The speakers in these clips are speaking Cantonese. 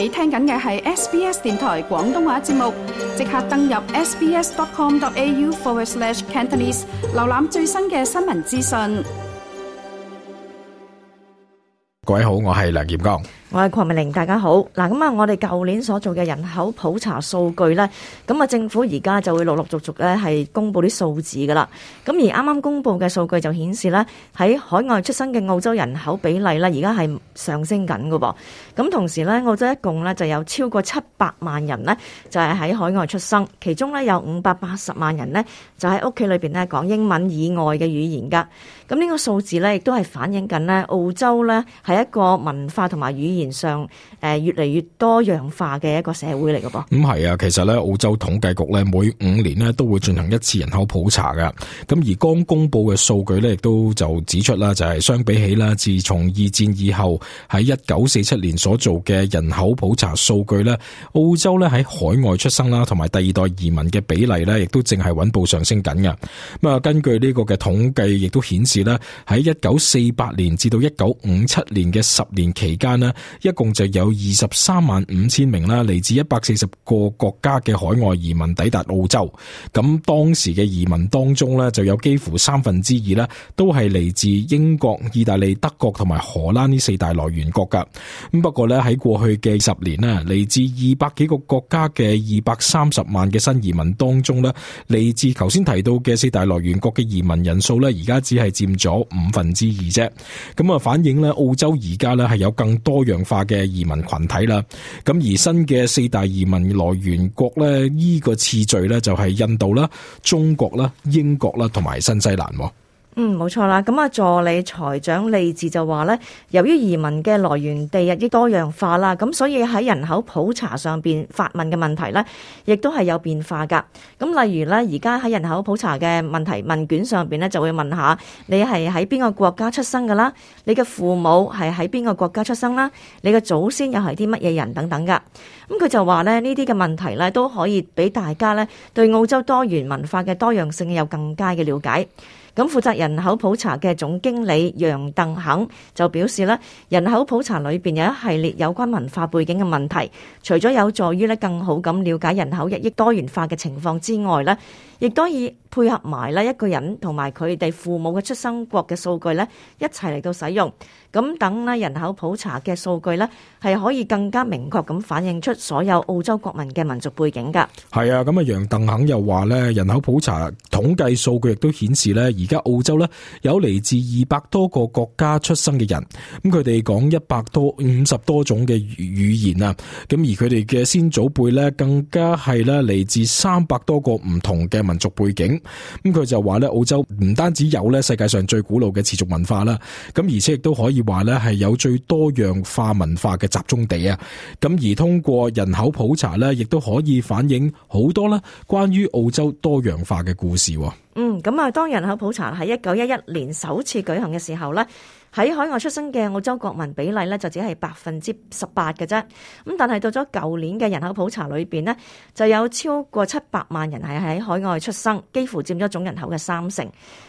你聽緊嘅係 SBS 電台廣東話節目，即刻登入 sbs.com.au/cantonese 瀏覽最新嘅新聞資訊。各位好，我係梁劍剛。我係鄺明玲，大家好。嗱，咁啊，我哋舊年所做嘅人口普查數據咧，咁啊，政府而家就會陸陸續續咧係公布啲數字噶啦。咁而啱啱公布嘅數據就顯示咧，喺海外出生嘅澳洲人口比例咧，而家係上升緊噶。咁同時咧，澳洲一共咧就有超過七百萬人咧，就係喺海外出生，其中咧有五百八十萬人咧就喺屋企裏邊咧講英文以外嘅語言噶。咁呢個數字咧亦都係反映緊咧澳洲咧係一個文化同埋語言。現上誒，越嚟越多樣化嘅一個社會嚟嘅噃，咁係、嗯、啊，其實咧澳洲統計局咧每五年呢都會進行一次人口普查㗎。咁而剛公布嘅數據咧，亦都就指出啦，就係、是、相比起啦，自從二戰以後喺一九四七年所做嘅人口普查數據咧，澳洲咧喺海外出生啦，同埋第二代移民嘅比例咧，亦都正係穩步上升緊嘅。咁啊，根據呢個嘅統計，亦都顯示咧喺一九四八年至到一九五七年嘅十年期間呢一共就有二十三萬五千名啦，嚟自一百四十個國家嘅海外移民抵達澳洲。咁當時嘅移民當中咧，就有幾乎三分之二呢都係嚟自英國、意大利、德國同埋荷蘭呢四大來源國噶。咁不過咧，喺過去嘅十年啦，嚟自二百幾個國家嘅二百三十萬嘅新移民當中咧，嚟自頭先提到嘅四大來源國嘅移民人數咧，而家只係佔咗五分之二啫。咁啊，反映咧，澳洲而家咧係有更多樣。化嘅移民群體啦，咁而新嘅四大移民來源國咧，依個次序咧就係印度啦、中國啦、英國啦同埋新西蘭。嗯，冇錯啦。咁啊，助理財長利智就話呢，由於移民嘅來源地日益多樣化啦，咁所以喺人口普查上邊發問嘅問題呢，亦都係有變化噶。咁例如呢，而家喺人口普查嘅問題問卷上邊呢，就會問下你係喺邊個國家出生噶啦，你嘅父母係喺邊個國家出生啦，你嘅祖先又係啲乜嘢人等等噶。咁、嗯、佢就話呢，呢啲嘅問題呢，都可以俾大家呢對澳洲多元文化嘅多樣性有更加嘅了解。咁負責人口普查嘅總經理楊鄧肯就表示咧，人口普查裏邊有一系列有關文化背景嘅問題，除咗有助於咧更好咁了解人口日益多元化嘅情況之外咧，亦都以配合埋咧一個人同埋佢哋父母嘅出生國嘅數據咧一齊嚟到使用，咁等咧人口普查嘅數據咧係可以更加明確咁反映出所有澳洲國民嘅民族背景㗎。係啊，咁啊，楊鄧肯又話咧，人口普查統計數據亦都顯示咧而家澳洲咧有嚟自二百多個國家出生嘅人，咁佢哋講一百多五十多種嘅語言啊，咁而佢哋嘅先祖輩咧更加係咧嚟自三百多個唔同嘅民族背景，咁佢就話咧澳洲唔單止有咧世界上最古老嘅持續文化啦，咁而且亦都可以話咧係有最多樣化文化嘅集中地啊，咁而通過人口普查咧，亦都可以反映好多咧關於澳洲多樣化嘅故事。嗯，咁啊，當人口普查喺一九一一年首次舉行嘅時候咧，喺海外出生嘅澳洲國民比例咧，就只係百分之十八嘅啫。咁但係到咗舊年嘅人口普查裏面呢，就有超過七百萬人係喺海外出生，幾乎佔咗總人口嘅三成。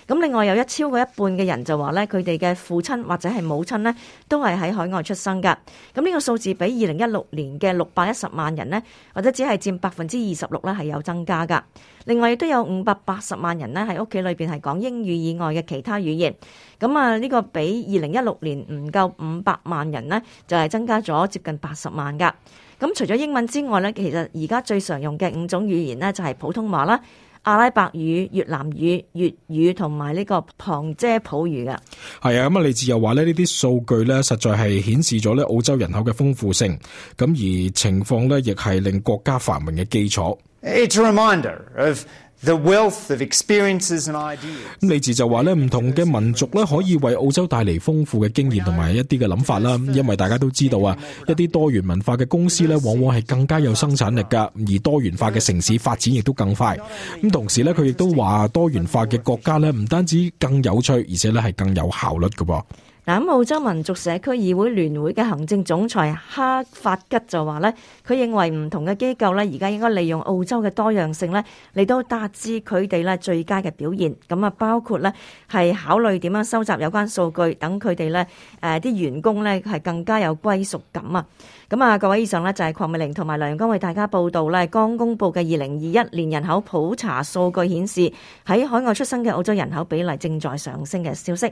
咁另外有一超過一半嘅人就話咧，佢哋嘅父親或者係母親呢，都係喺海外出生㗎。咁呢個數字比二零一六年嘅六百一十萬人呢，或者只係佔百分之二十六呢，係有增加㗎。另外亦都有五百八十萬人呢，喺屋企裏邊係講英語以外嘅其他語言。咁啊，呢個比二零一六年唔夠五百萬人呢，就係增加咗接近八十萬噶。咁除咗英文之外呢，其實而家最常用嘅五種語言呢，就係普通話啦、阿拉伯語、越南語、粵語同埋呢個旁遮普語噶。係啊，咁啊李智又話咧呢啲數據呢，實在係顯示咗咧澳洲人口嘅豐富性。咁而情況呢，亦係令國家繁榮嘅基礎。李治就話咧，唔同嘅民族咧可以為澳洲帶嚟豐富嘅經驗同埋一啲嘅諗法啦。因為大家都知道啊，一啲多元文化嘅公司咧，往往係更加有生產力噶而多元化嘅城市發展亦都更快。咁同時咧，佢亦都話多元化嘅國家咧，唔單止更有趣，而且咧係更有效率噶。嗱，澳洲民族社區議會聯會嘅行政總裁哈法吉就話咧，佢認為唔同嘅機構咧，而家應該利用澳洲嘅多樣性咧，嚟到達至佢哋咧最佳嘅表現。咁啊，包括咧係考慮點樣收集有關數據，等佢哋咧誒啲員工咧係更加有歸屬感啊！咁啊，各位以上咧就係鄺美玲同埋梁永江為大家報道咧，剛公佈嘅二零二一年人口普查數據顯示，喺海外出生嘅澳洲人口比例正在上升嘅消息。